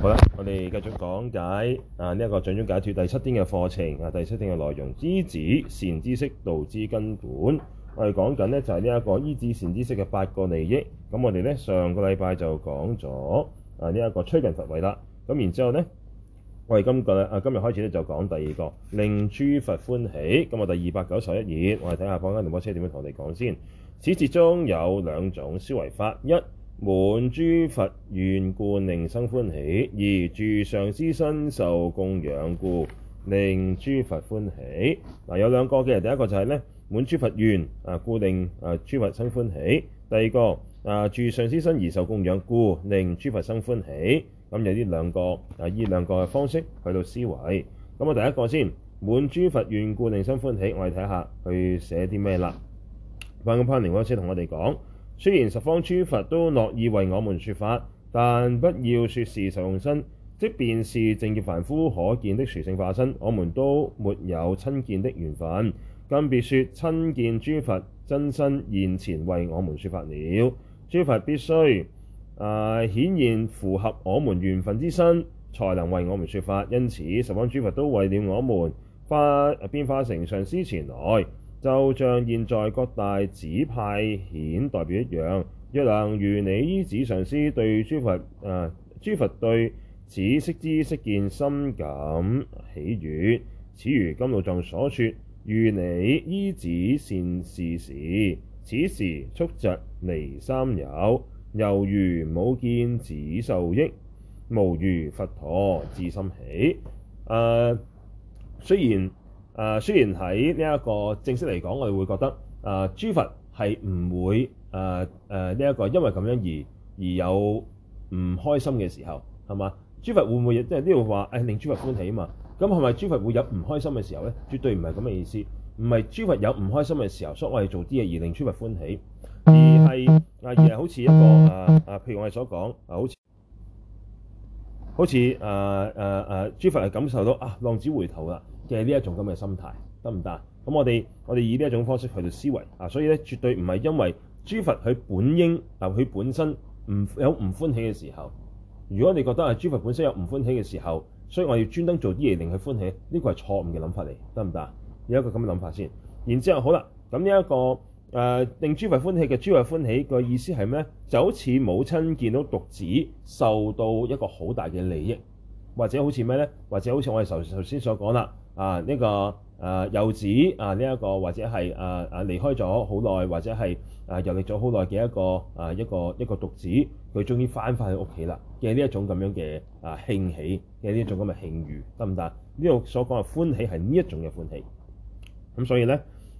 好啦，我哋繼續講解啊呢一個《掌中解脫》第七天嘅課程啊，第七天嘅內容，依止善知識道之根本。我哋講緊咧就係呢一個依止善知識嘅八個利益。咁我哋咧上個禮拜就講咗啊呢一個趣近佛位啦。咁然之後咧，我哋今日啊今日開始咧就講第二個令諸佛歡喜。咁啊第二百九十一頁，我哋睇下帕繃喀仁波切點樣同我哋講先。此節中有兩種思維法一。滿諸佛願故，令生歡喜；而住上師身受供養故，令諸佛歡喜。嗱、啊，有兩個嘅，第一個就係咧，滿諸佛願啊，故令啊諸佛生歡喜；第二個啊，住上師身而受供養故，令諸佛生歡喜。咁、嗯、有呢兩個啊，呢兩個嘅方式去到思維。咁、嗯、啊，第一個先，滿諸佛願故，令生歡喜。我哋睇下，佢寫啲咩啦？翻個潘連哥先同我哋講。雖然十方諸佛都樂意為我們說法，但不要說是受用身，即便是業淨凡夫可見的殊勝化身，我們都沒有親見的緣分，更別說親見諸佛真身現前為我們說法了。諸佛必須啊、呃、顯現符合我們緣分之身，才能為我們說法。因此，十方諸佛都為了我們化變化成上師前來。就像現在各大寺派遣代表一樣，若能如理依止上師對諸佛，誒、呃、諸佛對此悉知悉見深感喜悅，此如甘露藏所說，如理依止善士時，此時速疾離三有，猶如母見子受益，無餘佛陀至心喜。呃」誒雖然。誒、啊、雖然喺呢一個正式嚟講，我哋會覺得誒、啊，諸佛係唔會誒誒呢一個，因為咁樣而而有唔開心嘅時候，係嘛？諸佛會唔會亦即係呢度話誒令諸佛歡喜啊嘛？咁係咪諸佛會有唔開心嘅時候咧？絕對唔係咁嘅意思，唔係諸佛有唔開心嘅時候，所以我哋做啲嘢而令諸佛歡喜，而係而係好似一個誒誒、啊，譬如我哋所講，啊好似好似誒誒誒，諸佛係感受到啊浪子回頭啦。嘅呢一種咁嘅心態得唔得啊？咁我哋我哋以呢一種方式去到思維嗱，所以咧絕對唔係因為諸佛佢本應啊，佢本身唔有唔歡喜嘅時候。如果你覺得係諸佛本身有唔歡喜嘅時候，所以我要專登做啲嘢令佢歡喜，呢個係錯誤嘅諗法嚟，得唔得？有一個咁嘅諗法先，然之後好啦，咁呢一個誒、呃、令諸佛歡喜嘅諸佛歡喜個意思係咩？就好似母親見到獨子受到一個好大嘅利益，或者好似咩咧？或者好似我哋頭頭先所講啦。啊！呢、這、一個啊遊子啊，呢一個或者係啊啊離開咗好耐，或者係啊，開了很久或者是啊遊歷咗好耐嘅一個啊一個一個獨子，佢終於翻返去屋企啦，嘅呢、啊、一種咁樣嘅啊興起，嘅呢一種咁嘅慶遇，得唔得？呢度所講嘅歡喜係呢一種嘅歡喜。咁所以咧，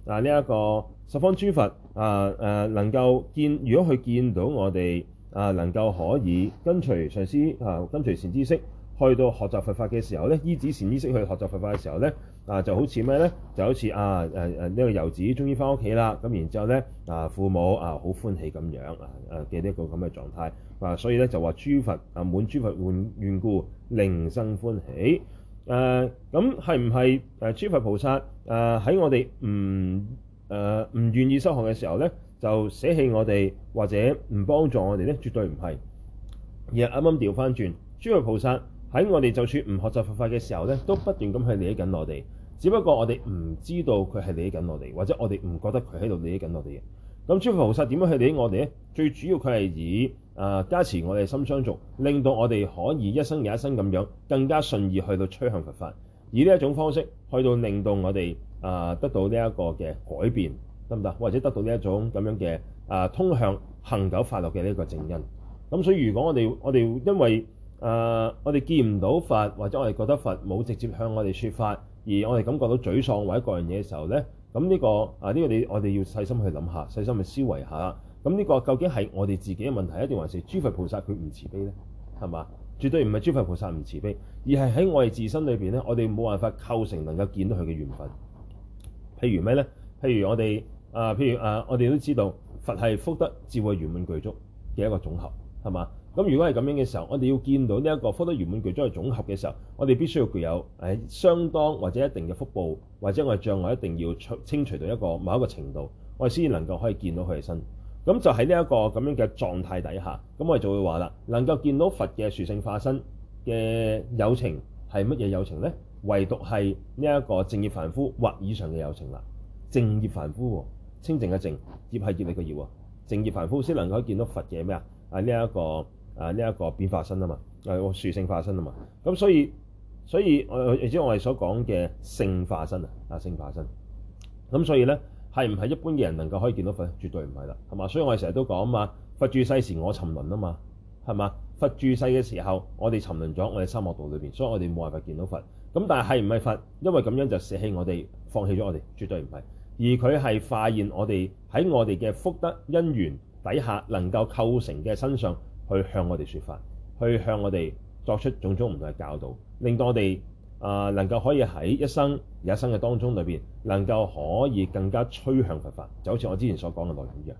啊呢一、這個十方諸佛啊誒、啊，能夠見，如果佢見到我哋啊，能夠可以跟隨上師，啊，跟隨善知識。去到學習佛法嘅時候咧，依止善知識去學習佛法嘅時候咧，嗱，就好似咩咧？就好似啊誒誒呢個遊子終於翻屋企啦。咁然之後咧，啊父母啊好、啊、歡喜咁樣啊嘅呢一個咁嘅狀態。嗱，所以咧就話諸佛啊滿諸佛願願故，令生歡喜。誒咁係唔係誒諸佛菩薩誒喺我哋唔誒唔願意修學嘅時候咧，就捨棄我哋或者唔幫助我哋咧？絕對唔係。而係啱啱調翻轉諸佛菩薩。啊喺我哋就算唔學習佛法嘅時候咧，都不斷咁去理緊我哋。只不過我哋唔知道佢係理緊我哋，或者我哋唔覺得佢喺度理緊我哋嘅。咁諸佛菩薩點樣去理我哋咧？最主要佢係以啊、呃、加持我哋心相續，令到我哋可以一生又一生咁樣更加順意去到趨向佛法，以呢一種方式去到令到我哋啊、呃、得到呢一個嘅改變得唔得？或者得到呢一種咁樣嘅啊、呃、通向恒久快樂嘅呢一個正因。咁所以如果我哋我哋因為誒，uh, 我哋見唔到佛，或者我哋覺得佛冇直接向我哋說法，而我哋感覺到沮喪或者各樣嘢嘅時候呢，咁呢個啊呢個，啊呢個、我哋要細心去諗下，細心去思維下。咁呢個究竟係我哋自己嘅問題，一定還是諸佛菩薩佢唔慈悲呢？係嘛？絕對唔係諸佛菩薩唔慈悲，而係喺我哋自身裏邊呢，我哋冇辦法構成能夠見到佢嘅緣分。譬如咩呢？譬如我哋啊，譬如啊，我哋都知道佛係福德智慧圓滿具足嘅一個總合，係嘛？咁如果係咁樣嘅時候，我哋要見到呢一個福德圓滿具足嘅總合嘅時候，我哋必須要具有誒相當或者一定嘅福報，或者我哋障礙一定要清清除到一個某一個程度，我哋先能夠可以見到佢嘅身。咁就喺呢一個咁樣嘅狀態底下，咁我哋就會話啦，能夠見到佛嘅殊勝化身嘅有情係乜嘢有情呢？唯獨係呢一個淨業凡夫或以上嘅有情啦。淨業凡夫、哦、清淨嘅淨，業係業力嘅業喎、哦。淨業凡夫先能夠見到佛嘅咩啊？啊呢一個。啊！呢、這、一個變化身啊嘛，啊個殊勝化身啊嘛。咁、啊、所以所以，我亦知我哋所講嘅性化身啊，啊性化身。咁、啊、所以咧，係唔係一般嘅人能夠可以見到佛？絕對唔係啦，係嘛？所以我哋成日都講啊嘛，佛住世時我沉淪啊嘛，係嘛？佛住世嘅時候，我哋沉淪咗，我哋三惡道裏邊，所以我哋冇辦法見到佛。咁但係係唔係佛？因為咁樣就捨棄我哋，放棄咗我哋，絕對唔係。而佢係化現我哋喺我哋嘅福德因緣底下能夠構成嘅身上。去向我哋說法，去向我哋作出種種唔同嘅教導，令到我哋啊、呃、能夠可以喺一生一生嘅當中裏邊能夠可以更加趨向佛法。就好似我之前所講嘅內容一樣。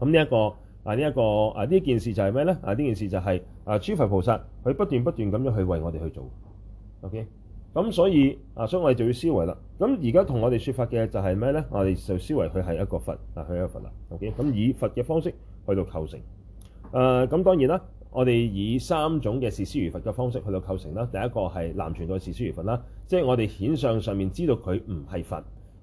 咁呢一個啊，呢、這、一個啊呢件事就係咩咧？啊呢件事就係、是、啊，諸佛菩薩佢不斷不斷咁樣去為我哋去做。O K. 咁所以啊，所以我哋就要思維啦。咁而家同我哋說法嘅就係咩咧？我哋就思維佢係一個佛啊，佢一個佛啊。O K. 咁以佛嘅方式去到構成。誒咁、呃、當然啦，我哋以三種嘅視師如佛嘅方式去到構成啦。第一個係南傳代視師如佛啦，即係我哋顯相上面知道佢唔係佛，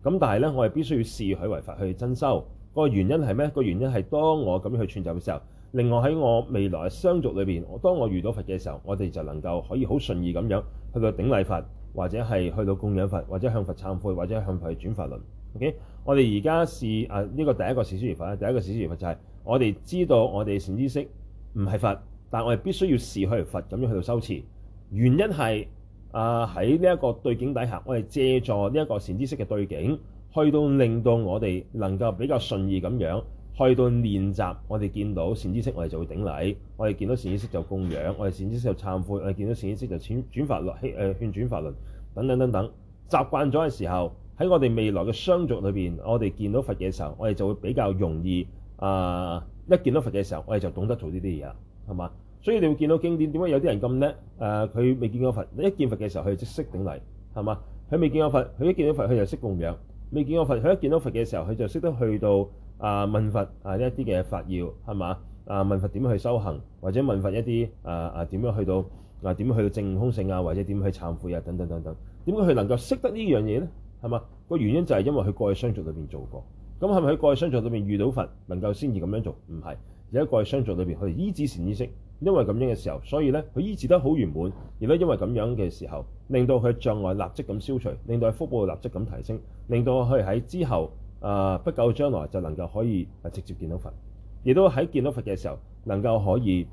咁但係呢，我哋必須要視佢為佛去增修。那個原因係咩？那個原因係當我咁樣去串習嘅時候，另外喺我未來相續裏面，當我遇到佛嘅時候，我哋就能夠可以好順意咁樣去到頂禮佛，或者係去到供養佛，或者向佛懺悔，或者向佛轉法輪。OK，我哋而家試啊呢、這個第一個視師如佛啦，第一個視師如佛就係、是。我哋知道，我哋善知識唔係佛，但我哋必須要視佢為佛咁樣去到修持。原因係啊，喺呢一個對境底下，我哋借助呢一個善知識嘅對境，去到令到我哋能夠比較順意咁樣去到練習。我哋見到善知識我們，我哋就會頂禮；我哋見到善知識就供養；我哋善知識就懺悔；我哋見到善知識就轉轉法輪，誒勸轉法輪等等等等。習慣咗嘅時候，喺我哋未來嘅相續裏邊，我哋見到佛嘅時候，我哋就會比較容易。啊！一見到佛嘅時候，我哋就懂得做呢啲嘢，係嘛？所以你會見到經典，點解有啲人咁叻？誒、啊，佢未見過佛，一見到佛嘅時候，佢就識頂禮，係嘛？佢未見過佛，佢一見到佛，佢就識供養；未見過佛，佢一見到佛嘅時候，佢就識得去到啊問佛啊呢一啲嘅法要，係嘛？啊問佛點樣去修行，或者問佛一啲啊啊點樣去到啊點樣去到正空性啊，或者點去懺悔啊等等等等。點解佢能夠識得呢樣嘢咧？係嘛？個原因就係因為佢過去相續裏邊做過。咁係咪喺過去相續裏面遇到佛，能夠先至咁樣做？唔係，而喺個相續裏面，佢依止善知識，因為咁樣嘅時候，所以呢，佢依止得好圓滿，而呢，因為咁樣嘅時候，令到佢障礙立即咁消除，令到佢福報立即咁提升，令到佢喺之後啊、呃、不久將來就能夠可以啊直接見到佛，亦都喺見到佛嘅時候，能夠可以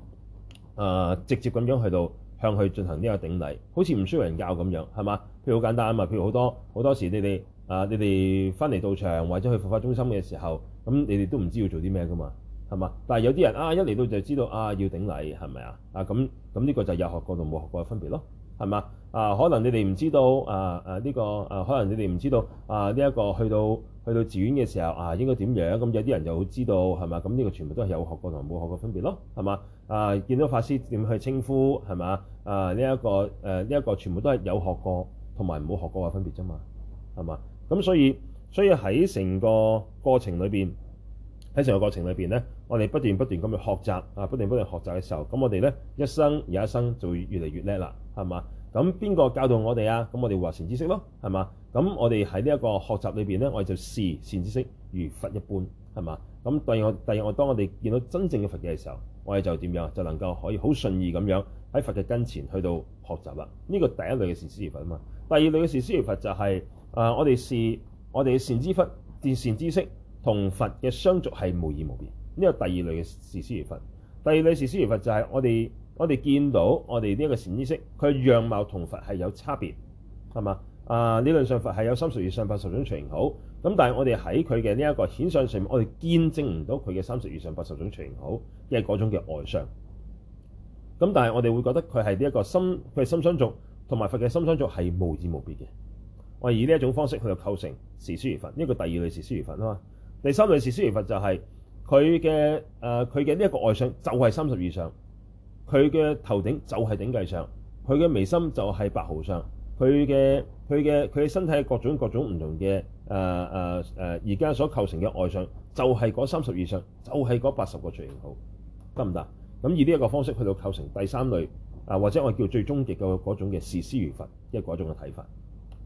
啊、呃、直接咁樣去到向佢進行呢個頂禮，好似唔需要人教咁樣，係嘛？譬如好簡單啊嘛，譬如好多好多時你哋。啊！你哋翻嚟道場或者去佛法中心嘅時候，咁你哋都唔知要做啲咩噶嘛，係嘛？但係有啲人啊，一嚟到就知道啊，要頂禮係咪啊？啊咁咁呢個就有學過同冇學過嘅分別咯，係嘛？啊，可能你哋唔知道啊啊呢個啊，可能你哋唔知道啊呢一個去到去到寺院嘅時候啊，應該點樣？咁、啊嗯、有啲人就會知道係嘛？咁呢、啊、個全部都係有學過同冇學過分別咯，係嘛？啊，見到法師點去稱呼係嘛？啊呢一個誒呢一個全部都係有學過同埋冇學過嘅分別啫嘛，係嘛？咁所以，所以喺成個過程裏邊，喺成個過程裏邊咧，我哋不斷不斷咁去學習啊，不斷不斷學習嘅時候，咁我哋咧一生有一生就會越嚟越叻啦，係嘛？咁邊個教導我哋啊？咁我哋話善知識咯，係嘛？咁我哋喺呢一個學習裏邊咧，我哋就視善知識如佛一般，係嘛？咁第二，第二，我當我哋見到真正嘅佛嘅時候，我哋就點樣？就能夠可以好順意咁樣喺佛嘅跟前去到學習啦。呢、這個第一類嘅善知識如佛啊嘛。第二類嘅善知識如佛就係、是。誒、uh，我哋視我哋嘅善知佛，善善知識同佛嘅相續係無二無別。呢個第二類嘅視師如佛。第二類視師如佛就係我哋我哋見到我哋呢一個善知識，佢樣貌同佛係有差別係嘛？啊，uh, 理論上佛係有三十二相八十種隨形好咁，但係我哋喺佢嘅呢一個顯相上面，我哋見證唔到佢嘅三十二相八十種隨形好，因為嗰種叫外相。咁但係我哋會覺得佢係呢一個心，佢心相續，同埋佛嘅心相續係無二無別嘅。我以呢一種方式去到構成視師如佛，呢個第二類視師如佛啊嘛。第三類視師如佛就係佢嘅誒，佢嘅呢一個外相就係三十以上，佢嘅頭頂就係頂髻上，佢嘅眉心就係白毫上，佢嘅佢嘅佢嘅身體各種各種唔同嘅，誒誒誒，而家所構成嘅外相就係嗰三十以上，就係嗰八十個隨形好得唔得？咁以呢一個方式去到構成第三類啊、呃，或者我叫最終極嘅嗰種嘅視師如佛，一個種嘅睇法。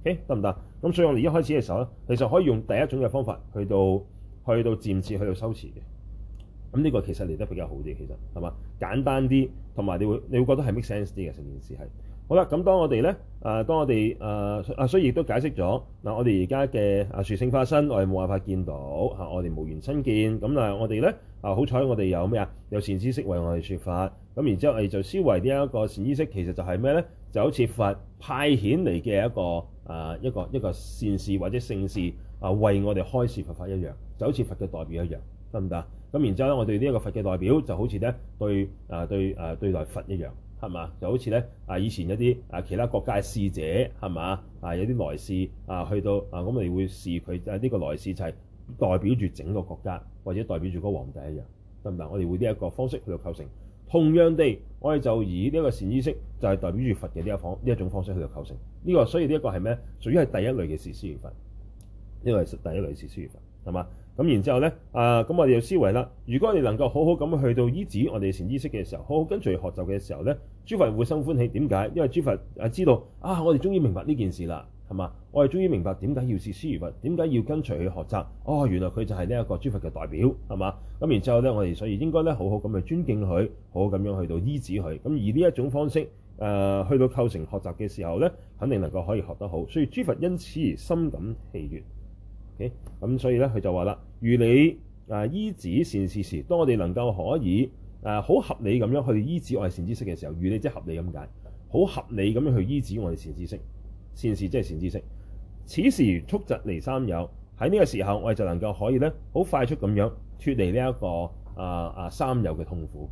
誒得唔得？咁、okay? 所以我哋一開始嘅時候咧，其實可以用第一種嘅方法去到去到漸次去到修持嘅。咁呢個其實嚟得比較好啲，其實係嘛簡單啲，同埋你會你會覺得係 make sense 啲嘅，成件事係好啦。咁當我哋咧誒，當我哋誒啊，啊，所以亦都解釋咗嗱、啊，我哋而家嘅啊，殊勝化身我哋冇辦法見到嚇、啊，我哋無緣親見。咁嗱、啊，我哋咧啊，好彩我哋有咩啊有善知識為我哋説法。咁然之後我哋就思維呢一個善知識其實就係咩咧？就好似佛派遣嚟嘅一個，啊，一個一個善事或者聖事啊，為我哋開示佛法一樣，就好似佛嘅代表一樣，得唔得？咁然之後咧，我哋呢一個佛嘅代表就好似咧對啊對啊對待佛一樣，係嘛？就好似咧啊以前一啲啊其他國家嘅使者係嘛？啊有啲來使啊去到啊，咁我哋會視佢啊呢個來使就係代表住整個國家或者代表住嗰個皇帝一樣，得唔得？我哋會呢一個方式去到構成。同樣地，我哋就以呢個善知識就係代表住佛嘅呢一方呢一種方式去到構成呢，這個，所以呢一個係咩？屬於係第一類嘅視師如佛，呢，這個係第一類視師如佛，係嘛？咁然之後咧，啊、呃、咁我哋有思維啦。如果你能夠好好咁去到依止我哋善知識嘅時候，好好跟住學習嘅時候咧，諸佛會生歡喜。點解？因為諸佛啊知道啊，我哋終於明白呢件事啦。係嘛？我哋終於明白點解要視師如佛，點解要跟隨佢去學習。哦，原來佢就係呢一個諸佛嘅代表，係嘛？咁然之後咧，我哋所以應該咧好好咁去尊敬佢，好好咁樣去到依止佢。咁而呢一種方式，誒、呃、去到構成學習嘅時候咧，肯定能夠可以學得好。所以諸佛因此而心感喜悅。OK，咁所以咧，佢就話啦：如理誒依止善士時，當我哋能夠可以誒好、呃、合理咁樣去依止我哋善知識嘅時候，如理即係合理咁解，好合理咁樣去依止我哋善知識。善士即係善知識。此時速疾離三有，喺呢個時候，我哋就能夠可以咧，好快速咁樣脱離呢、這、一個啊啊三有嘅痛苦。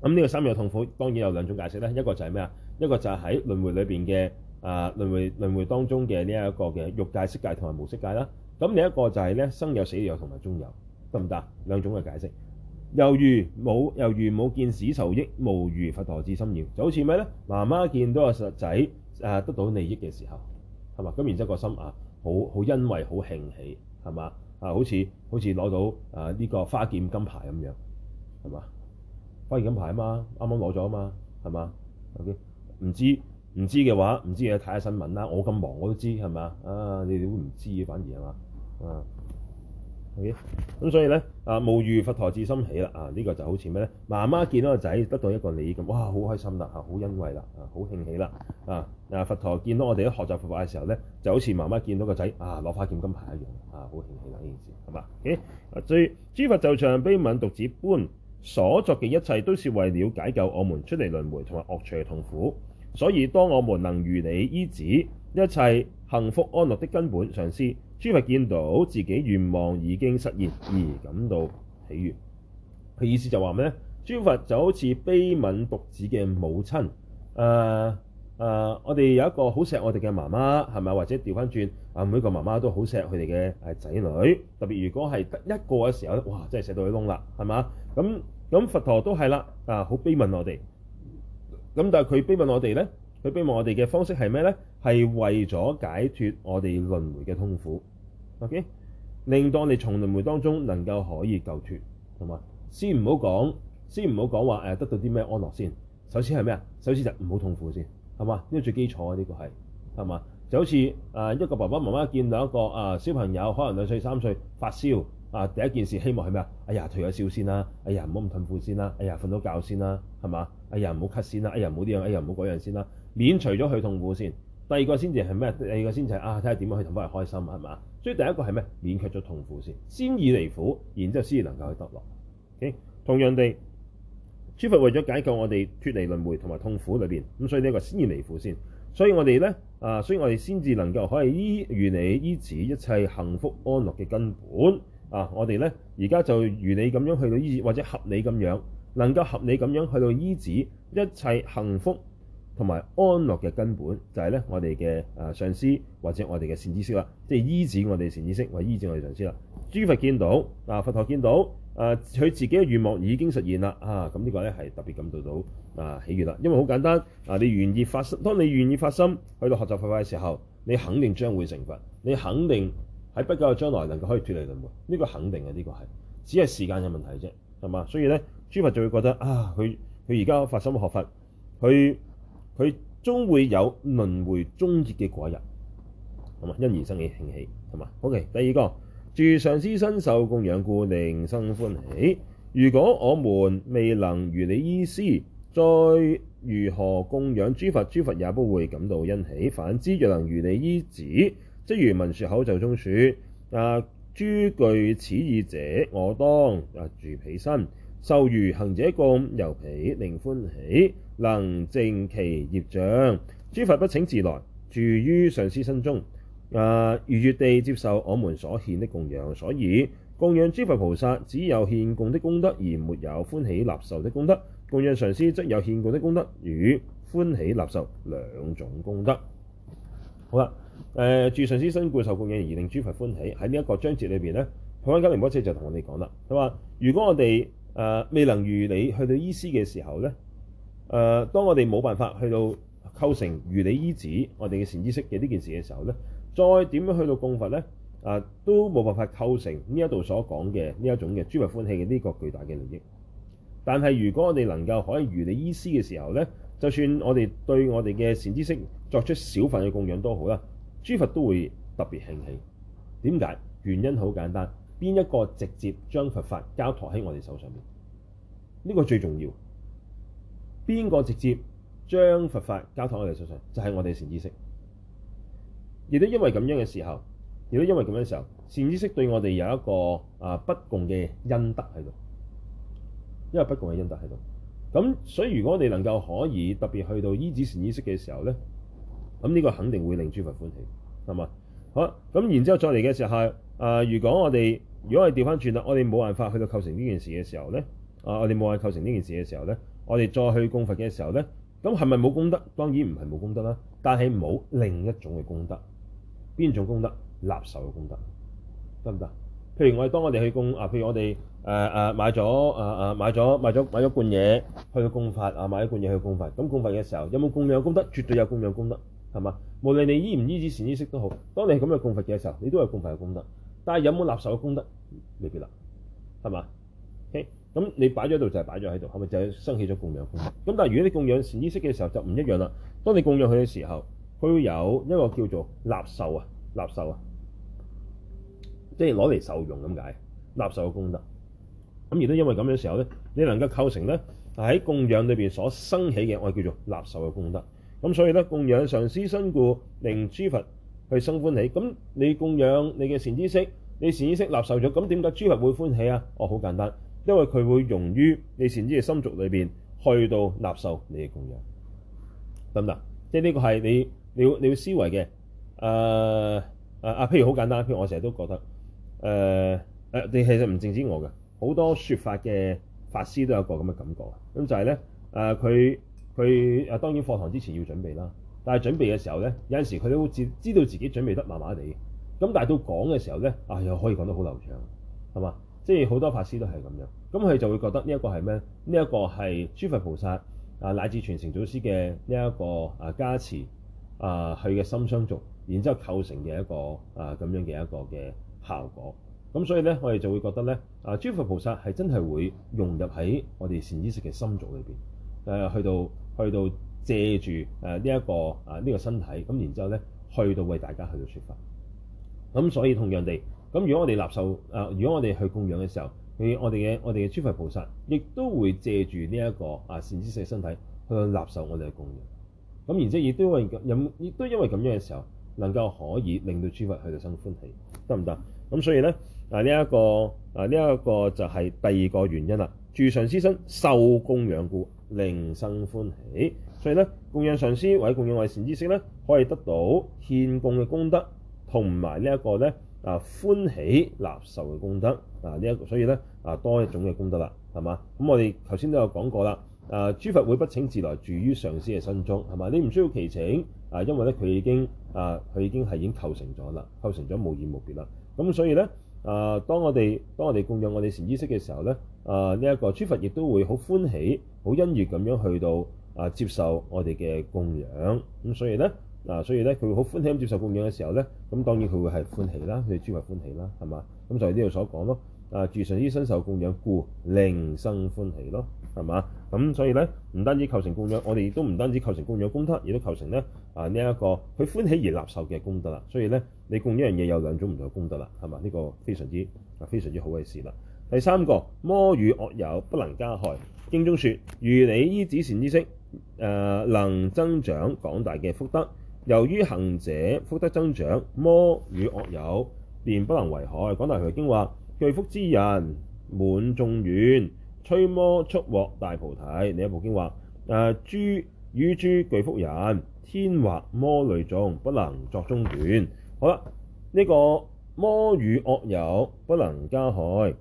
咁、嗯、呢、這個三有痛苦當然有兩種解釋啦，一個就係咩啊？一個就係喺輪迴裏邊嘅啊輪迴輪迴當中嘅呢一個嘅欲界色界同埋無色界啦。咁另一個就係咧生有死有同埋中有，得唔得？兩種嘅解釋。猶如母猶如母見了受益，無餘佛陀至心喜，就好似咩咧？媽媽見到阿侄仔。誒得到利益嘅時候，係嘛？咁然之後個心啊，好好欣慰，好興起，係嘛？啊，好似好似攞到啊呢個花劍金牌咁樣，係嘛？花劍金牌啊嘛，啱啱攞咗啊嘛，係嘛？OK，唔知唔知嘅話，唔知你睇下新聞啦。我咁忙我都知，係咪啊？你哋都唔知嘅，反而係嘛？嗯。啊咁、okay? 所以咧啊，無餘佛陀至心喜啦！啊，呢、這個就好似咩咧？媽媽見到個仔得到一個利益，咁，哇，好開心啦！嚇，好欣慰啦！啊，好興喜啦！啊啊，佛陀見到我哋喺學習佛法嘅時候咧，就好似媽媽見到個仔啊攞翻件金牌一樣啊，好興喜啦！呢件事係嘛？誒、okay? 啊，所以諸佛就像悲愍獨子般，所作嘅一切都是為了解救我們出嚟輪迴同埋惡趣嘅痛苦。所以當我們能如理依止一切幸福安樂的根本上師。諸佛見到自己願望已經實現而感到喜悅，佢意思就話咩咧？諸佛就好似悲憫獨子嘅母親，誒、啊、誒、啊，我哋有一個好錫我哋嘅媽媽，係咪，或者調翻轉，啊，每一個媽媽都好錫佢哋嘅誒仔女，特別如果係得一個嘅時候咧，哇！真係錫到佢窿啦，係嘛？咁，咁佛陀都係啦，啊好悲憫我哋，咁但係佢悲憫我哋咧。佢希望我哋嘅方式係咩咧？係為咗解脱我哋輪回嘅痛苦，OK？令到我哋從輪回當中能夠可以救脱，同埋先唔好講，先唔好講話誒得到啲咩安樂先。首先係咩啊？首先就唔好痛苦先，係嘛？呢個最基礎啊，呢個係，係嘛？就好似啊一個爸爸媽媽見到一個啊小朋友，可能兩歲三歲發燒。啊！第一件事希望係咩、哎、啊？哎呀，退咗燒先啦、啊！哎呀，唔好咁痛苦先啦、啊！哎呀，瞓到覺先啦，係嘛？哎呀，唔好咳先啦！哎呀，唔好呢樣，哎呀，唔好嗰樣先啦、啊！免除咗佢痛苦先，第二個先至係咩？第二個先至係啊，睇下點樣去同翻佢開心，係嘛？所以第一個係咩？免卻咗痛苦先，先以離苦，然之後先至能夠去得樂。Okay? 同樣地，諸佛為咗解救我哋脫離輪迴同埋痛苦裏邊，咁所以呢個先以離苦先，所以我哋咧啊，所以我哋先至能夠可以依如理依止一切幸福安樂嘅根本。啊！我哋咧而家就如理咁樣去到依止，或者合理咁樣，能夠合理咁樣去到依止一切幸福同埋安樂嘅根本，就係、是、咧我哋嘅上師，或者我哋嘅善知識啦，即係依止我哋善知識或者依止我哋上師啦。諸佛見到啊，佛陀見到誒，佢、啊、自己嘅願望已經實現啦啊！咁呢個咧係特別感受到啊喜悅啦，因為好簡單啊，你願意發心，當你願意發心去到學習佛法嘅時候，你肯定將會成佛，你肯定。喺不久嘅將來能夠可以脫離輪迴，呢個肯定嘅，呢個係只係時間嘅問題啫，係嘛？所以咧，諸佛就會覺得啊，佢佢而家發心學佛，佢佢終會有輪迴終結嘅嗰一日，係嘛？因而生起興起，係嘛？OK，第二個住上師身受供養故，令生歡喜。如果我們未能如理依師，再如何供養諸佛，諸佛也不會感到欣喜。反之，若能如理依止。即如文殊口授中說，啊！諸具此義者，我當啊，住彼身，受餘行者供，由彼令歡喜，能淨其業障。諸佛不請自來，住於上師身中，啊！愉悅地接受我們所獻的供養，所以供養諸佛菩薩只有獻供的功德，而沒有歡喜納受的功德；供養上師則有獻供的功德與歡喜納受兩種功德。好啦。誒、呃，住上師身故受供養而令諸佛歡喜。喺呢一個章節裏邊咧，普安九零摩車就同我哋講啦。佢話：如果我哋誒、呃、未能如理去到依師嘅時候咧，誒、呃、當我哋冇辦法去到構成如理依止我哋嘅善知識嘅呢件事嘅時候咧，再點樣去到供佛咧啊、呃，都冇辦法構成呢一度所講嘅呢一種嘅諸佛歡喜嘅呢個巨大嘅利益。但係如果我哋能夠可以如理依師嘅時候咧，就算我哋對我哋嘅善知識作出少份嘅供養都好啦。諸佛都會特別興起，點解？原因好簡單，邊一個直接將佛法交託喺我哋手上邊？呢個最重要。邊個直接將佛法交託喺我哋手上？就係我哋嘅善知識。亦都因為咁樣嘅時候，亦都因為咁樣嘅時候，善知識對我哋有一個啊不共嘅恩德喺度，因為不共嘅恩德喺度。咁所以如果我哋能夠可以特別去到依止善知識嘅時候咧。咁呢個肯定會令諸佛歡喜，係咪？好啦，咁然之後再嚟嘅時候，誒，如果我哋如果係調翻轉啦，我哋冇辦法去到構成呢件事嘅時候咧，啊，我哋冇辦法構成呢件事嘅時候咧，我哋再去供佛嘅時候咧，咁係咪冇功德？當然唔係冇功德啦，但係冇另一種嘅功德，邊種功德？納受嘅功德得唔得？譬如我哋當我哋去供啊，譬如我哋誒誒買咗啊啊買咗買咗買咗罐嘢去到供佛啊，買咗罐嘢去到供佛，咁供佛嘅時候有冇供養功德？絕對有供養功德。係嘛？無論你依唔依止，善知識都好，當你係咁樣供佛嘅時候，你都有供佛嘅功德，但係有冇納受嘅功德？未必啦，係嘛？OK，咁你擺咗喺度就係擺咗喺度，係咪就係生起咗供養功德？咁但係如果你供養善知識嘅時候就唔一樣啦。當你供養佢嘅時候，佢會有一個叫做納受啊，納受啊，即係攞嚟受用咁解，納受嘅功德。咁而都因為咁樣嘅時候咧，你能夠構成咧喺供養裏邊所生起嘅我哋叫做納受嘅功德。咁所以咧，供養上師身故，令諸佛去生歡喜。咁你供養你嘅善知識，你善知識納受咗，咁點解諸佛會歡喜啊？哦，好簡單，因為佢會融於你善知識心續裏邊，去到納受你嘅供養，得唔得？即係呢個係你你要你要思維嘅。誒誒啊，譬如好簡單，譬如我成日都覺得，誒誒，你其實唔淨止我嘅，好多說法嘅法師都有個咁嘅感覺。咁就係咧，誒佢。佢誒當然課堂之前要準備啦，但係準備嘅時候呢，有陣時佢都會自知道自己準備得麻麻地。咁但係到講嘅時候呢，啊又可以講得好流暢，係嘛？即係好多法師都係咁樣。咁佢就會覺得呢一個係咩？呢、這、一個係諸佛菩薩啊乃至傳承祖師嘅呢一個啊加持啊，佢嘅心相續，然之後構成嘅一個啊咁樣嘅一個嘅效果。咁所以呢，我哋就會覺得呢，啊，諸佛菩薩係真係會融入喺我哋善知識嘅心續裏邊誒，去到。去到借住誒呢一個啊呢、這個身體，咁然之後咧去到為大家去到説法，咁所以同樣地，咁如果我哋納受啊、呃，如果我哋去供養嘅時候，我我哋嘅我哋嘅諸佛菩薩亦都會借住呢一個啊善知識身體去到納受我哋嘅供養，咁然之後亦都因為咁，亦都因為咁樣嘅時候，能夠可以令到諸佛去到生歡喜，得唔得？咁所以咧啊呢一、這個啊呢一、這個就係第二個原因啦，住上師身受供養故。令生歡喜，所以咧供養上師或者供養外善知識咧，可以得到獻供嘅功德，同埋呢一個咧啊歡喜納受嘅功德啊呢一個，所以咧啊多一種嘅功德啦，係嘛？咁我哋頭先都有講過啦，誒諸佛會不請自來住於上師嘅身中，係嘛？你唔需要祈請啊，因為咧佢已經啊佢已經係已經構成咗啦，構成咗無二無別啦，咁所以咧。啊！當我哋當我哋供養我哋善知識嘅時候咧，啊呢一個諸佛亦都會好歡喜、好欣悅咁樣去到啊接受我哋嘅供養。咁所以咧嗱、啊，所以咧佢會好歡喜咁接受供養嘅時候咧，咁當然佢會係歡喜啦，佢哋諸佛歡喜啦，係嘛？咁就係呢度所講咯。啊！住上師身受供養，故令生歡喜咯，係嘛？咁所以咧，唔單止構成供養，我哋亦都唔單止構成供養功德，亦都構成咧啊呢一、啊這個佢歡喜而納受嘅功德啦。所以咧，你供一樣嘢有兩種唔同嘅功德啦，係嘛？呢、這個非常之啊，非常之好嘅事啦。第三個魔與惡友不能加害，經中說，如你依止善知識，誒、呃，能增長廣大嘅福德。由於行者福德增長，魔與惡友便不能為害。廣大佢經話具福之人滿眾願，摧魔速獲大菩提。另一部經話：誒、啊、諸與諸具福人，天或魔類眾，不能作中斷。好啦，呢、這個魔與惡友，不能加害。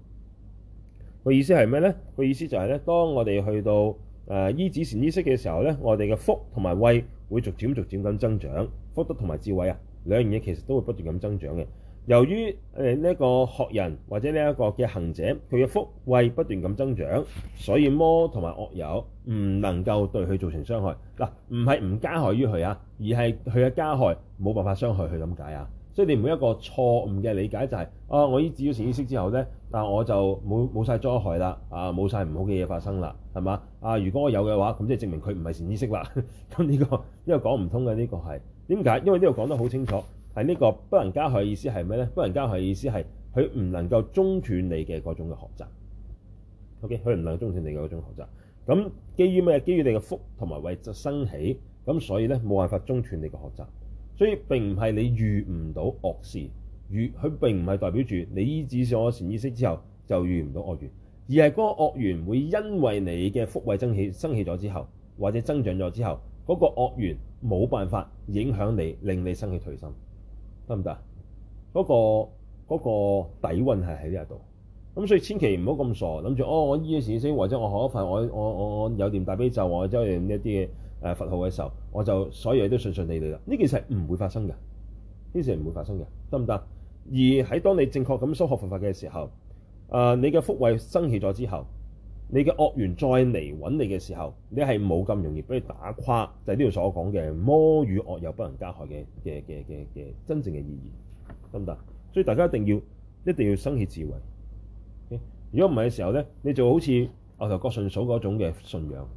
個意思係咩呢？個意思就係、是、咧，當我哋去到誒、啊、依止善知識嘅時候呢，我哋嘅福同埋慧會逐漸逐漸咁增長，福德同埋智慧啊，兩樣嘢其實都會不斷咁增長嘅。由於誒呢一個學人或者呢一個嘅行者，佢嘅福慧不斷咁增長，所以魔同埋惡友唔能夠對佢造成傷害。嗱，唔係唔加害於佢啊，而係佢嘅加害冇辦法傷害佢咁解啊。所以你每一個錯誤嘅理解就係、是：，啊，我依止咗善知識之後咧，但我就冇冇晒災害啦，啊，冇晒唔好嘅嘢發生啦，係嘛？啊，如果我有嘅話，咁即係證明佢唔係善知識啦。咁呢、這個呢、這個講唔通嘅，呢、這個係點解？因為呢度講得好清楚。係呢個不能加害意思係咩呢？不能加害意思係佢唔能夠中斷你嘅嗰種嘅學習。O.K. 佢唔能夠中斷你嘅嗰種學習。咁基於咩？基於你嘅福同埋慧則生起。咁所以呢，冇辦法中斷你嘅學習。所以並唔係你遇唔到惡事，遇佢，並唔係代表住你依止上咗善知識之後就遇唔到惡緣，而係嗰個惡緣會因為你嘅福慧增起生起咗之後，或者增長咗之後，嗰、嗰個惡緣冇辦法影響你，令你生起退心。得唔得？嗰、那個嗰、那個、底蘊係喺呢度，咁所以千祈唔好咁傻，諗住哦，我依嘅事先，或者我學一份，我我我，我有念大悲咒，或者念一啲佛號嘅時候，我就所有嘢都順順利利啦。呢件事唔會發生嘅，呢件事唔會發生嘅，得唔得？而喺當你正確咁修學佛法嘅時候，呃、你嘅福位升起咗之後。你嘅惡緣再嚟揾你嘅時候，你係冇咁容易俾你打垮。就係呢度所講嘅魔與惡友不能加害嘅嘅嘅嘅嘅真正嘅意義，得唔得？所以大家一定要一定要生起智慧。如果唔係嘅時候咧，你就好似牛頭角順嫂嗰種嘅信仰，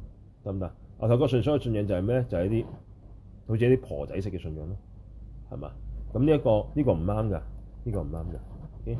得唔得？牛頭角順嫂嘅信仰就係咩咧？就係一啲好似一啲婆仔式嘅信仰咯，係嘛？咁呢一個呢、呢個唔啱㗎，呢、呢個唔啱㗎。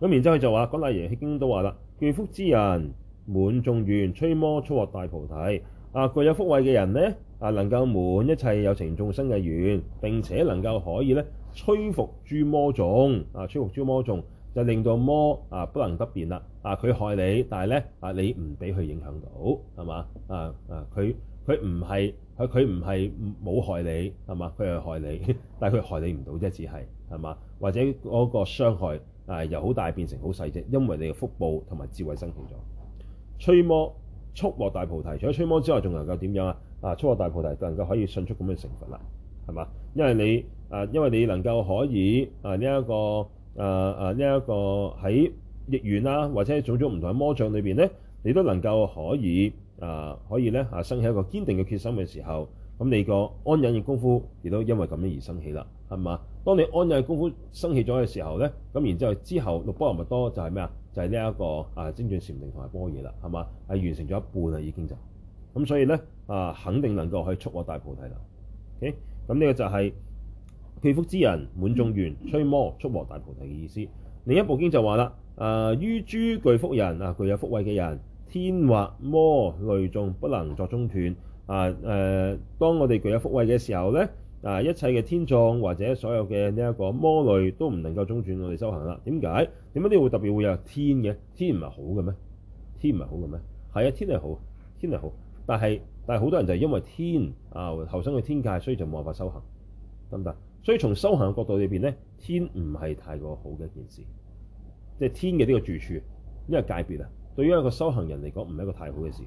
咁然之後佢就話，廣大遊戲經都話啦。具福之人滿眾願，摧魔速獲大菩提。啊，具有福位嘅人呢，啊，能夠滿一切有情眾生嘅願，並且能夠可以咧摧伏諸魔眾。啊，摧伏諸魔眾就令到魔啊不能得便啦。啊，佢害你，但係呢，啊，你唔俾佢影響到，係嘛？啊啊，佢佢唔係佢佢唔係冇害你，係嘛？佢係害你，但係佢害你唔到啫，只係係嘛？或者嗰個傷害。啊！由好大變成好細啫，因為你嘅福報同埋智慧生起咗。摧魔速獲大菩提，除咗摧魔之外，仲能夠點樣啊？啊，速獲大菩提，能夠可以迅速咁嘅成佛啦，係嘛？因為你啊，因為你能夠可以啊呢一、啊啊啊這個啊啊呢一個喺逆緣啊或者係種種唔同嘅魔障裏邊咧，你都能夠可以啊可以咧啊生起一個堅定嘅決心嘅時候。咁你個安忍嘅功夫亦都因為咁樣而生起啦，係嘛？當你安忍嘅功夫生起咗嘅時候咧，咁然之後之後六波羅蜜多就係咩、就是這個、啊？就係呢一個啊精進禪定同埋般若啦，係嘛？係完成咗一半啊，已經就咁，所以咧啊，肯定能夠去速獲大菩提啦。OK，咁呢個就係具福之人滿眾願，摧魔速獲大菩提嘅意思。另一部經就話啦，誒、啊、於諸具福人啊，具有福位嘅人，天或魔類眾，不能作中斷。啊，誒、呃，當我哋具有福位嘅時候咧，啊，一切嘅天障或者所有嘅呢一個魔類都唔能夠中斷我哋修行啦。點解？點解呢會特別會有天嘅？天唔係好嘅咩？天唔係好嘅咩？係啊，天係好，天係好，但係但係好多人就係因為天啊，後生嘅天界，所以就冇辦法修行，得唔得？所以從修行嘅角度裏邊咧，天唔係太過好嘅一件事，即係天嘅呢個住處，呢個界別啊，對於一個修行人嚟講，唔係一個太好嘅事。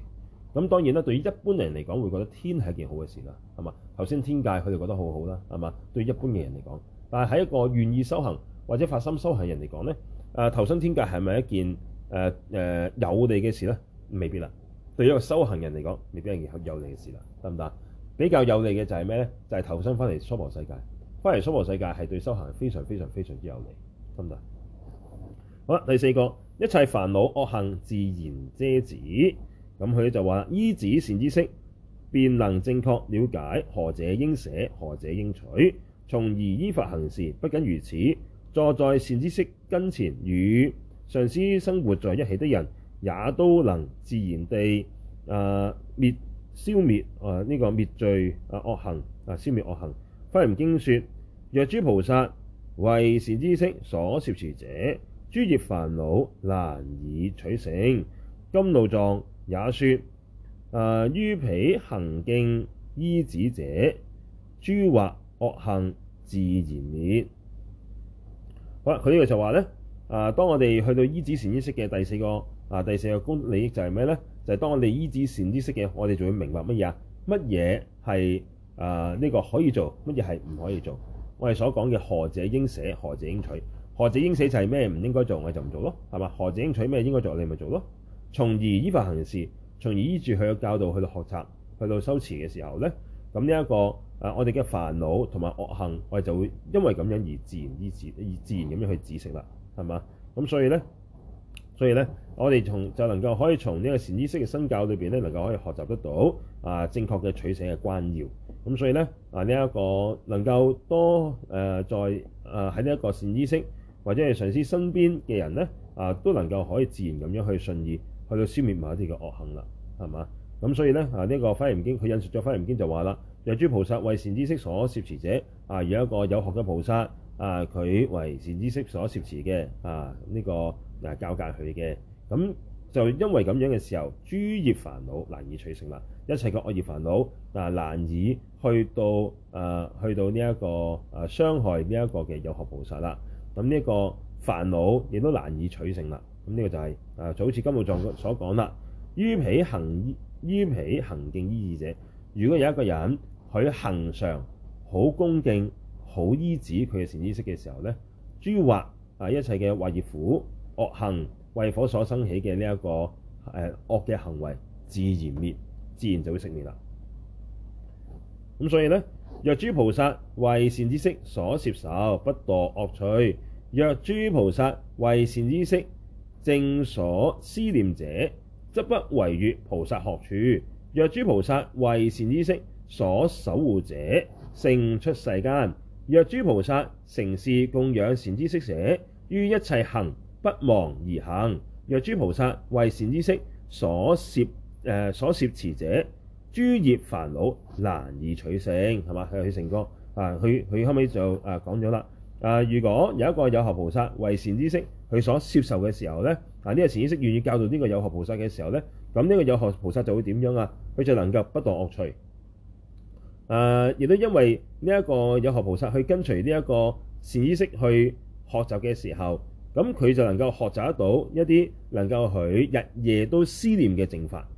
咁當然啦，對於一般人嚟講，會覺得天係件好嘅事啦，係嘛？頭先天界佢哋覺得好好啦，係嘛？對於一般嘅人嚟講，但係喺一個願意修行或者發心修行人嚟講呢，誒、呃、投身天界係咪一件、呃呃、有利嘅事呢？未必啦，對於一個修行人嚟講，未必係有，有利嘅事啦，得唔得？比較有利嘅就係咩呢？就係、是、投身翻嚟娑婆世界，翻嚟娑婆世界係對修行非常非常非常之有利，得唔得？好啦，第四個，一切煩惱惡行自然遮止。咁佢就話：依止善知識，便能正確了解何者應捨，何者應取，從而依法行事。不僅如此，坐在善知識跟前與上師生活在一起的人，也都能自然地誒、啊、滅消滅誒呢、啊這個滅罪啊惡行啊消滅惡行。啊《華嚴經》說：若諸菩薩為善知識所攝持者，諸業煩惱難以取勝。甘露藏。也説：誒、呃、於彼恆敬依，依止者諸惑惡行，自然滅。好啦，佢呢個就話咧誒，當我哋去到依止善知識嘅第四個啊，第四個公利益就係咩咧？就係、是、當我哋依止善知識嘅，我哋仲會明白乜嘢啊？乜嘢係誒呢個可以做，乜嘢係唔可以做？我哋所講嘅何者應捨，何者應取？何者應捨就係咩唔應該做，我哋就唔做咯，係嘛？何者應取咩應該做，你咪做咯。從而依法行事，從而依住佢嘅教導去到學習，去到修持嘅時候咧，咁呢一個誒、呃，我哋嘅煩惱同埋惡行，我哋就會因為咁樣而自然依自而自然咁樣去止息啦，係嘛？咁所以咧，所以咧，我哋從就能夠可以從呢個善知識嘅身教裏邊咧，能夠可以學習得到啊、呃、正確嘅取捨嘅關要。咁所以咧啊呢一、呃這個能夠多誒、呃呃、在誒喺呢一個善知識或者係上師身邊嘅人咧啊、呃，都能夠可以自然咁樣去信義。去到消滅埋一啲嘅惡行啦，係嘛？咁所以咧啊，呢個《華嚴經》，佢引述咗《華嚴經》就話啦：若諸菩薩為善知識所攝持者，啊，有一個有學嘅菩薩，啊，佢為善知識所攝持嘅，啊，呢個啊教戒佢嘅，咁就因為咁樣嘅時候，諸業煩惱難以取勝啦，一切嘅惡業煩惱嗱難以去到啊去到呢一個啊傷害呢一個嘅有學菩薩啦，咁呢一個煩惱亦都難以取勝啦。咁呢個就係、是、啊，就好似甘露藏所講啦。於彼恆於彼恆敬依止者，如果有一個人佢行常好恭敬好依止佢嘅善知識嘅時候咧，諸惑啊一切嘅惑業苦惡行為火所生起嘅呢一個誒惡嘅行為，自然滅，自然就會熄滅啦。咁所以咧，若諸菩薩為善知識所攝持，不墮惡趣；若諸菩薩為善知識。正所思念者，則不違越菩薩學處。若諸菩薩為善知識所守護者，勝出世間。若諸菩薩成事供養善知識者，於一切行不忘而行。若諸菩薩為善知識所攝誒、呃、所攝持者，諸業煩惱難以取勝，係嘛？佢成功啊！佢佢後尾就誒、啊、講咗啦。誒，如果有一個有學菩薩為善知識，佢所接受嘅時候咧，啊呢個善知識願意教導呢個有學菩薩嘅時候咧，咁呢個有學菩薩就會點樣啊？佢就能夠不墮惡趣。誒，亦都因為呢一個有學菩薩去跟隨呢一個善知識去學習嘅時候，咁佢就能夠學習得到一啲能夠佢日夜都思念嘅正法。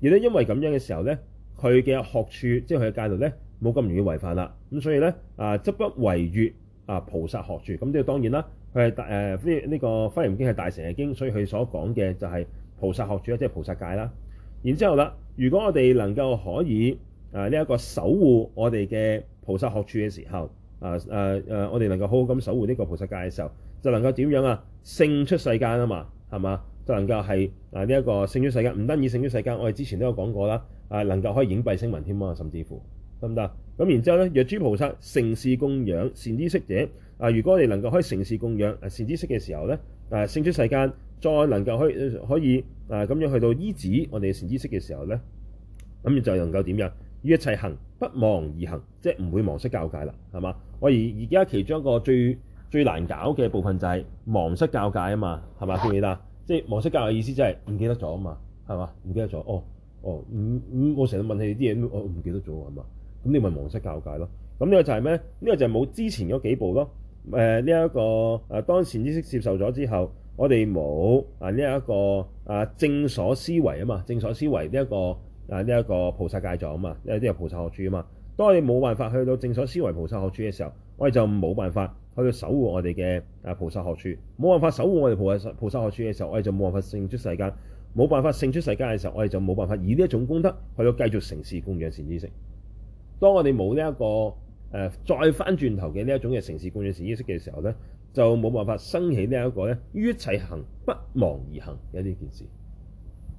亦都因為咁樣嘅時候咧，佢嘅學處即係佢嘅戒律咧，冇咁容易違犯啦。咁所以咧，啊執不違越。啊！菩薩學處咁呢個當然啦，佢係大誒呢、啊呢個《華嚴經》係大乘嘅經，所以佢所講嘅就係菩薩學處啦，即係菩薩戒啦。然之後啦，如果我哋能夠可以誒呢一個守護我哋嘅菩薩學處嘅時候，誒誒誒，我哋能夠好好咁守護呢個菩薩戒嘅時候，就能夠點樣啊？勝出世界啊嘛，係嘛？就能夠係啊呢一、呢個勝出世界，唔單止勝出世界。我哋之前都有講過啦，誒、啊、能夠可以掩蔽聲聞添嘛，甚至乎得唔得？行咁然之後咧，若諸菩薩成事供養善知識者，啊，如果我哋能夠可以成事供養善知識嘅時候咧，啊，勝出世間再能夠可以可以啊咁樣去到依止我哋善知識嘅時候咧，咁你就能夠點樣？與一切行不忘而行，即係唔會忘失教戒啦，係嘛？我而而家其中一個最最難搞嘅部分就係忘失教戒啊嘛，係嘛？記唔記得？即係忘失教嘅意思，即係唔記得咗啊嘛，係嘛？唔記得咗哦哦，咁咁我成日問你啲嘢，我唔記得咗啊嘛。咁你咪忘失教界咯。咁呢個就係咩？呢個就係冇之前嗰幾步咯。誒呢一個誒，當善知識接受咗之後，我哋冇啊呢一個啊正所思維啊嘛。正所思維呢一個啊呢一個菩薩界狀啊嘛，因為啲係菩薩學處啊嘛。當你冇辦法去到正所思維菩薩學處嘅時候，我哋就冇辦法去到守護我哋嘅啊菩薩學處。冇辦法守護我哋菩薩菩薩學處嘅時候，我哋就冇辦法勝出世界。冇辦法勝出世界嘅時候，我哋就冇辦法以呢一種功德去到繼續承事供養善知識。當我哋冇呢一個誒、呃，再翻轉頭嘅呢一種嘅城市供養善知識嘅時候咧，就冇辦法生起這個呢一個咧一切行不忘而行嘅呢件事。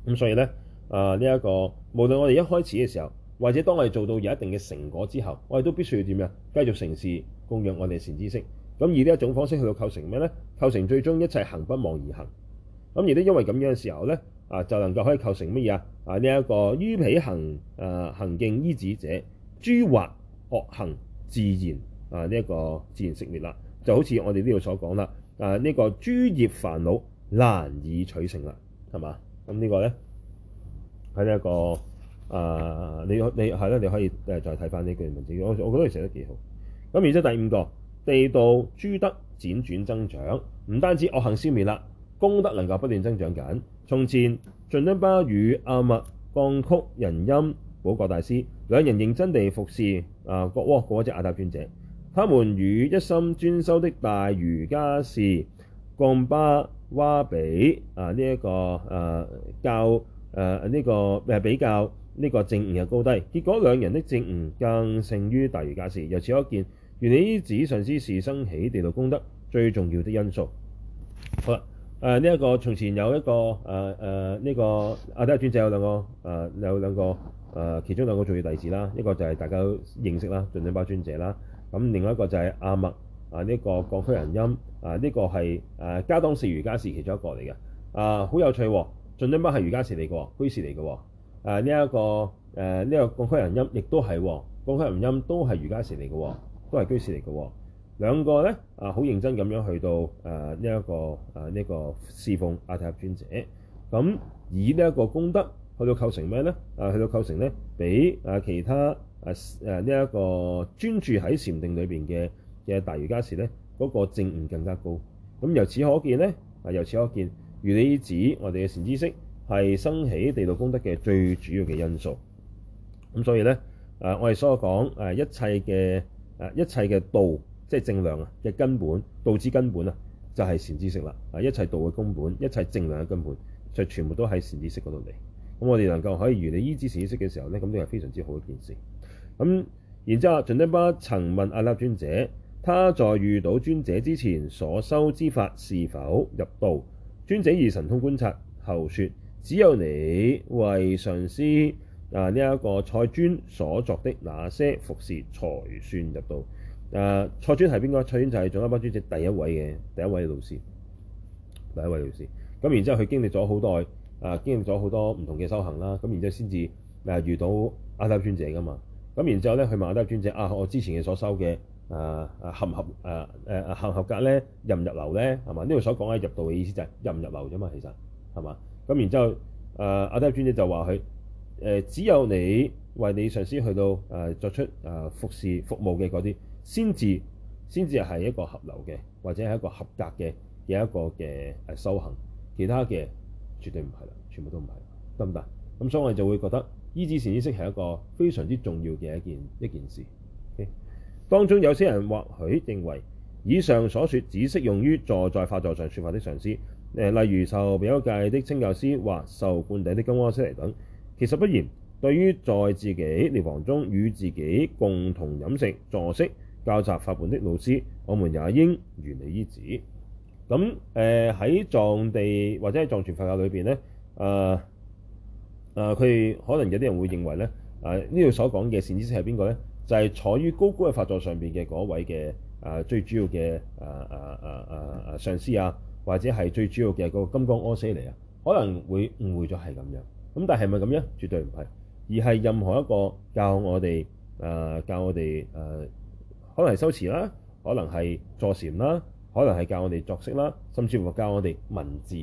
咁所以咧啊，呢、呃、一、這個無論我哋一開始嘅時候，或者當我哋做到有一定嘅成果之後，我哋都必須要點呀？繼續城市供養我哋善知識。咁以呢一種方式去到構成咩咧？構成最終一切行不忘而行。咁而都因為咁樣嘅時候咧啊，就能夠可以構成乜嘢啊？啊呢一個於彼行誒、啊、恆敬依止者。諸惑惡行自然啊，呢、這、一個自然熄滅啦。就好似我哋呢度所講啦，啊呢、這個諸業煩惱難以取勝啦，係嘛？咁呢個咧喺呢一個啊，你你係啦，你可以再睇翻呢句文字，我我覺得你寫得幾好。咁然之後第五個地道諸德輾轉增長，唔單止惡行消滅啦，功德能夠不斷增長緊。從前仲敦巴與阿麥絳曲仁欽覺寶大師。兩人認真地服侍啊！覺窩，嗰隻阿底峽尊者，他們與一心專修的大瑜伽士貢巴瓦比啊，呢、這、一個呢、啊啊呢個、比較呢、呢個證悟嘅高低。結果兩人的證悟更勝於大瑜伽士，由此可見，如理依止上師時生起地道功德最重要的因素。好啦，誒呢一個從前有一個誒誒呢阿底峽尊者有兩個有兩個。啊誒、呃，其中兩個重要例子啦，一個就係大家都認識啦，仲敦巴尊者啦，咁另外一個就係阿麥啊，呢、呃這個絳曲仁欽啊，呢、呃這個係誒噶當士、瑜伽士其中一個嚟嘅，啊、呃，好有趣喎、哦，仲敦巴係瑜伽士嚟嘅，居士嚟嘅，誒呢一個誒呢、呃這個絳曲仁欽亦都係、哦，絳曲仁欽都係瑜伽士嚟嘅，都係居士嚟嘅，兩個咧啊，好、呃、認真咁樣去到誒呢一個誒呢、呃這個侍奉阿底峽尊者，咁、呃、以呢一個功德。去到構成咩咧？啊，去到構成咧，比啊其他啊呢一、啊這個專注喺禪定裏面嘅嘅大瑜伽士咧，嗰、那個證悟更加高。咁由此可見咧，啊由此可見，如理依止我哋嘅善知識係生起地道功德嘅最主要嘅因素。咁所以咧、啊，我哋所講一切嘅一切嘅道，即係、就是、正量啊嘅根本道之根本啊，就係善知識啦。啊，一切道嘅根本，一切正量嘅根本，就是、全部都喺善知識嗰度嚟。咁我哋能夠可以如理依止善知識嘅時候咧，咁都係非常之好一件事。咁然之後，仲敦巴曾問阿底峽尊者，他在遇到尊者之前所修之法是否入道？尊者以神通觀察後說：只有你為上師，啊呢一個賽尊所作的那些服侍才算入道。啊、呃，賽尊係邊個？賽尊就係仲敦巴尊者第一位嘅第一位老師，第一位老師。咁然之後，佢經歷咗好多。啊，經歷咗好多唔同嘅修行啦，咁然之後先至誒遇到阿底峽尊者㗎嘛，咁然之後咧佢問阿底峽尊者啊，我之前嘅所修嘅啊啊合唔合啊誒啊合唔合格咧，入唔入流咧，係嘛？呢度所講嘅入道嘅意思就係入唔入流啫嘛，其實係嘛？咁然之後，阿底峽尊者就話佢誒只有你為你上師去到誒、啊、作出誒服侍服務嘅嗰啲，先至先至係一個合流嘅，或者係一個合格嘅嘅一個嘅誒修行，其他嘅。絕對唔係啦，全部都唔係，得唔得？咁所以我哋就會覺得依止善知識係一個非常之重要嘅一件一件事。嗯、當中有些人或許認為以上所說只適用於坐在法座上説法的上師，誒、嗯，例如受比丘戒的親教師或受灌頂的金剛阿闍黎等。其實不然，對於在自己寮房中與自己共同飲食、坐息、教習法本的老師，我們也應如理依止。咁誒喺藏地或者喺藏傳佛教裏邊咧，啊、呃、啊，佢、呃、可能有啲人會認為咧，啊呢度所講嘅善知識係邊個咧？就係、是、坐於高高嘅法座上邊嘅嗰位嘅啊、呃、最主要嘅啊啊啊啊啊上師啊，或者係最主要嘅嗰個金剛阿闍黎啊，可能會誤會咗係咁樣。咁但係咪咁樣？絕對唔係，而係任何一個教我哋誒、呃、教我哋誒、呃，可能係修持啦，可能係坐禪啦。可能係教我哋作息啦，甚至乎教我哋文字，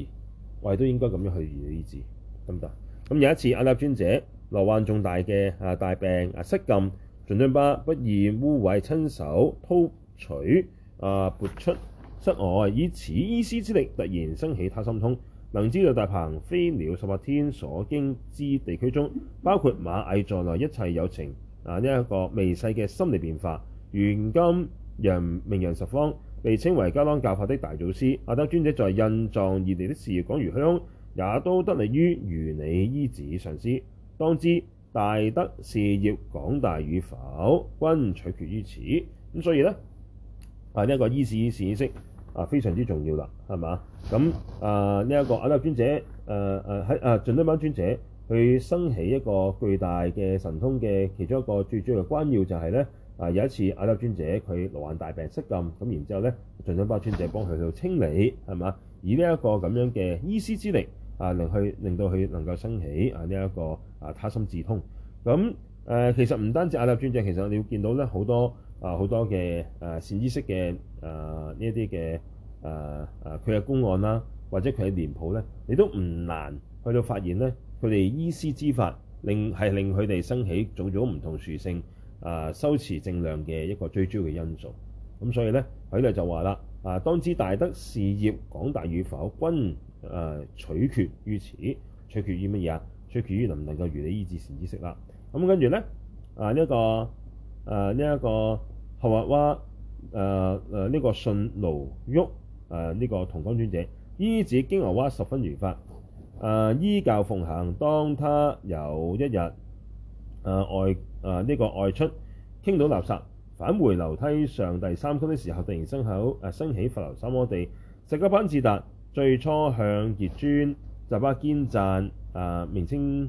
我哋都應該咁樣去理解，得唔得？咁有一次阿立尊者羅患重大嘅啊大病啊，失禁，仲敦巴不意污穢，親手掏取啊撥出室外，以此醫師之力，突然升起他心通，能知道大鵬飛鳥十八天所經之地區中，包括螞蟻在內一切有情啊，呢一個微細嘅心理變化，如今人名揚十方。被稱為噶當教法的大祖師，阿底峽尊者，在印藏二地的事業廣如虛空，也都得力於如理依止上師。當知大德事業廣大與否，均取決於此。咁所以咧，呢、啊、一、這個依止善知識啊，非常之重要啦，係嘛？咁啊呢一、這個阿底峽尊者，誒誒喺誒仲敦巴尊者，佢生起一個巨大嘅神通嘅其中一個最主要嘅關要就係、是、咧。啊！有一次，阿底峽尊者佢罹患大病失禁，咁然之後咧，仲敦巴尊者幫佢去清理，係嘛？以呢一個咁樣嘅依止之力，啊，令去令到佢能夠升起、這個、啊呢一個啊他心自通。咁誒、啊，其實唔單止阿底峽尊者，其實你會見到咧好多啊好多嘅誒、啊、善知識嘅誒呢一啲嘅誒誒佢嘅公案啦，或者佢嘅年譜咧，你都唔難去到發現咧，佢哋依止之法，令係令佢哋升起種種唔同殊勝。啊，修持正量嘅一個最主要嘅因素，咁所以咧，佢咧就話啦，啊，當知大德事業廣大與否，均、呃、啊取決於此，取決於乜嘢？取決於能唔能夠如理依止善知識啦。咁跟住咧，啊呢一、這個，啊呢一個，洽域瓦，誒誒呢個迅努沃，誒、呃、呢、這個童光尊者，依止京俄瓦十分如法，誒、呃、依教奉行。當他有一日。啊外啊呢個外出傾倒垃圾，返回樓梯上第三梯的時候，突然生起啊、呃、升起法流三摩地。薩迦班智達最初向傑尊札巴堅贊啊名稱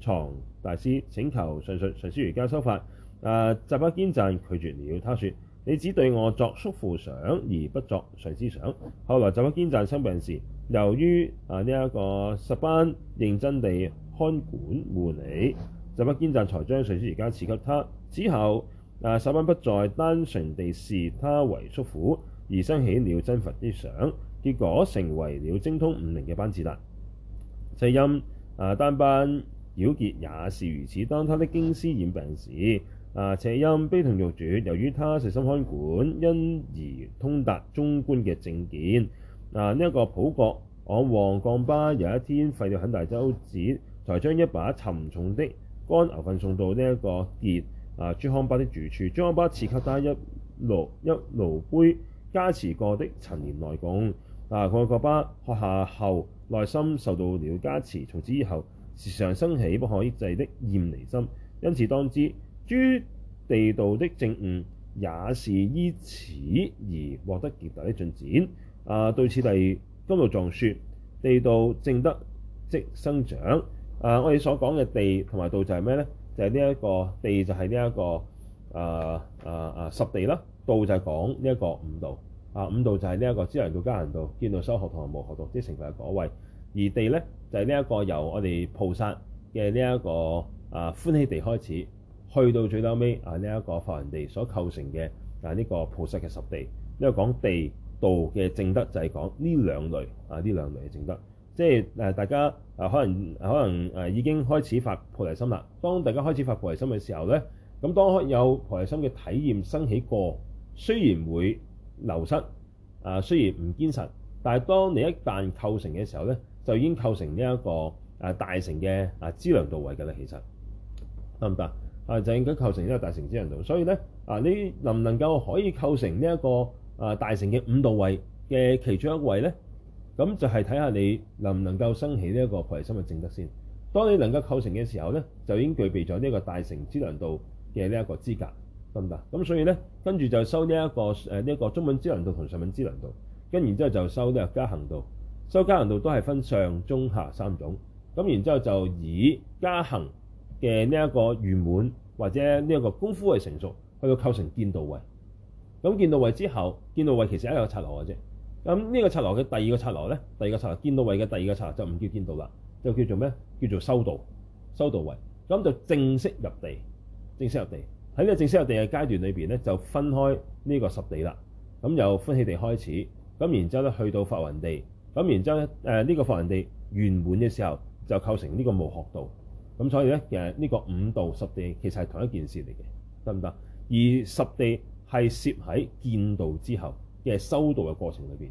幢大師請求著述上師瑜伽修法啊，札巴堅贊拒絕了，他說，你只對我作叔父想而不作上師想。後來札巴堅贊生病時，由於啊呢一個薩班認真地看管護理。就，札巴堅贊，才將上師瑜伽賜給他。之後，啊，薩班不再單純地視他為叔父，而生起了真佛之想，結果成為了精通五明嘅班智達。赤欽啊，丹巴饒傑也是如此。當他的經師染病時，啊，赤欽悲痛欲絕。由於他細心看管，因而通達中觀嘅正見。啊，呢、這、一個普覺昂旺強巴有一天費了很大周折，才將一把沉重的。乾牛糞送到呢一個傑啊，珠康巴的住處。珠康巴賜給他一顱一顱杯加持過的陳年內供。啊，佢阿個巴喝下後，內心受到了加持，從此以後時常生起不可抑制的厭離心。因此當知諸地道的證悟也是依此而獲得極大的進展。啊，對此道次第甘露藏說：地道證德即生長。啊！我哋所講嘅地同埋道就係咩咧？就係呢一個地就係呢一個啊啊十地啦，道就係講呢一個五道。啊，五道就係呢一個資糧道、加行道、見道修學同埋冇學道，即係成為嗰位。而地咧就係呢一個由我哋菩薩嘅呢一個啊歡喜地開始，去到最，最後尾啊呢一、這個法雲地所構成嘅呢、啊這個菩薩嘅十地。呢、這個講地道嘅證德就係講呢兩類啊呢兩類嘅證德。即係誒，大家啊，可能可能誒，已經開始發菩提心啦。當大家開始發菩提心嘅時候咧，咁當有菩提心嘅體驗生起過，雖然會流失啊，雖然唔堅實，但係當你一旦構成嘅時候咧，就已經構成呢一個誒大乘嘅誒資糧道位嘅啦。其實得唔得啊？就應該構成呢個大乘資糧道。所以咧啊，你能唔能夠可以構成呢一個誒大乘嘅五道位嘅其中一個位咧？咁就係睇下你能唔能夠升起呢一個菩提心嘅證德先。當你能夠構成嘅時候呢，就已經具備咗呢一個大乘資糧道嘅呢一個資格，得唔得？咁所以呢，跟住就收呢一個誒呢一個中文資糧道同上文資糧道，跟然之後就收呢個加行道。收加行道都係分上中下三種。咁然之後就以加行嘅呢一個圓滿或者呢一個功夫為成熟，去到構成見道位。咁見道位之後，見道位其實係一個插頭嘅啫。咁呢個拆羅嘅第二個拆羅咧，第二個拆羅見道位嘅第二個拆羅就唔叫見道啦，就叫做咩？叫做修道，修道位，咁就正式入地，正式入地，喺呢個正式入地嘅階段裏面咧，就分開呢個十地啦，咁由歡喜地開始，咁然之後咧去到法雲地，咁然之後咧呢、呢個法雲地圓滿嘅時候，就構成呢個無學道，咁所以咧，其實呢個五道十地其實係同一件事嚟嘅，得唔得？而十地係攝喺見道之後。嘅修道嘅過程裏邊，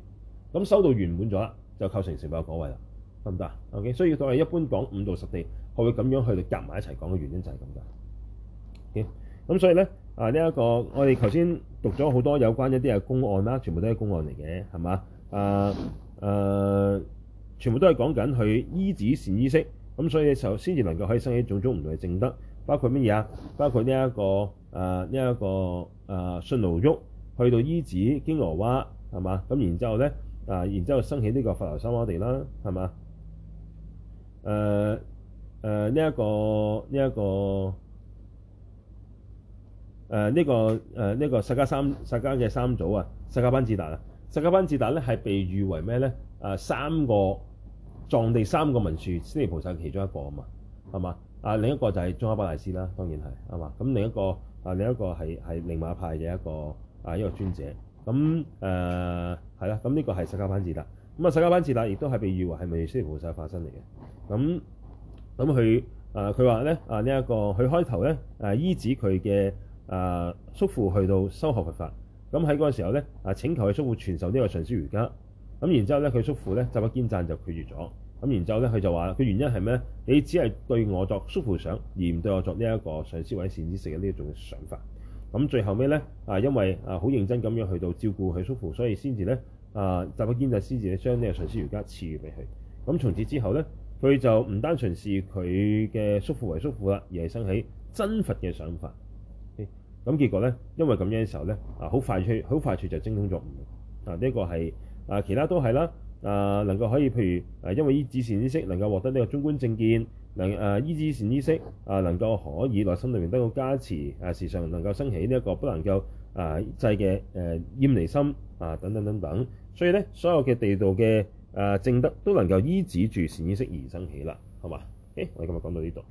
咁修道完滿咗啦，就構成成佛嘅果位啦，得唔得啊？Okay? 所以我哋一般講五到十地，係會咁樣去夾埋一齊講嘅原因就係咁嘅。咁、okay? 所以咧，啊呢一個我哋頭先讀咗好多有關一啲嘅公案啦，全部都係公案嚟嘅，係嘛？啊啊，全部都係講緊佢依止善知識，咁所以就先至能夠可以生起種種唔同嘅證德，包括乜嘢啊？包括呢一個啊呢一個啊信勞慾。去到依止、京俄瓦，係嘛咁？然之後咧啊，然之後生起呢個法流三摩地啦，係嘛？誒誒呢一個呢一、這個誒呢、呃這個誒呢、這個薩迦三薩迦嘅三祖啊，薩迦班智達啊，薩迦班智達咧係被譽為咩咧？誒三個藏地三個文殊，師利菩薩其中一個啊嘛，係嘛啊？另一個就係宗喀巴大師啦，當然係啱嘛。咁另一個啊，另一個係、啊、寧瑪派嘅一個。呃這個呃、呢啊，這個、一個尊者，咁誒係啦，咁呢個係薩迦班智達，咁啊薩迦班智達亦都係被譽為係文殊菩薩化身嚟嘅。咁咁佢誒佢話咧啊呢一個佢開頭咧誒依止佢嘅誒叔父去到修學佛法，咁喺嗰個時候咧啊、呃、請求佢叔父傳授呢個上師瑜伽，咁然之後咧佢叔父咧就一堅贊就拒絕咗，咁然之後咧佢就話佢原因係咩？你只係對我作叔父想，而唔對我作呢一個上師或者善知識嘅呢一種想法。咁最後尾咧啊，因為啊好認真咁樣去到照顧佢叔父，所以先至咧啊，札巴堅就先至咧將呢個上師瑜伽賜俾佢。咁從此之後咧，佢就唔單純視佢嘅叔父為叔父啦，而係生起真佛嘅想法。咁、okay? 結果咧，因為咁嘅時候咧啊，好快脆，好快脆就精通咗啊，呢、這個係啊，其他都係啦。啊，能夠可以譬如啊，因為依止善知識能夠獲得呢個中觀正見。能誒依止善知識，誒、啊、能夠可以內心裏面得到加持，誒、啊、時常能夠升起呢一個不能夠誒、啊、制嘅誒、啊、厭離心，誒、啊、等等等等，所以咧，所有嘅地道嘅誒、啊、證德都能夠依止住善知識而生起啦，好嘛？誒、okay? 我哋今日講到呢度。